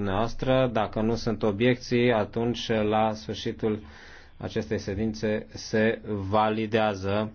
dumneavoastră. Dacă nu sunt obiecții, atunci la sfârșitul acestei sedințe se validează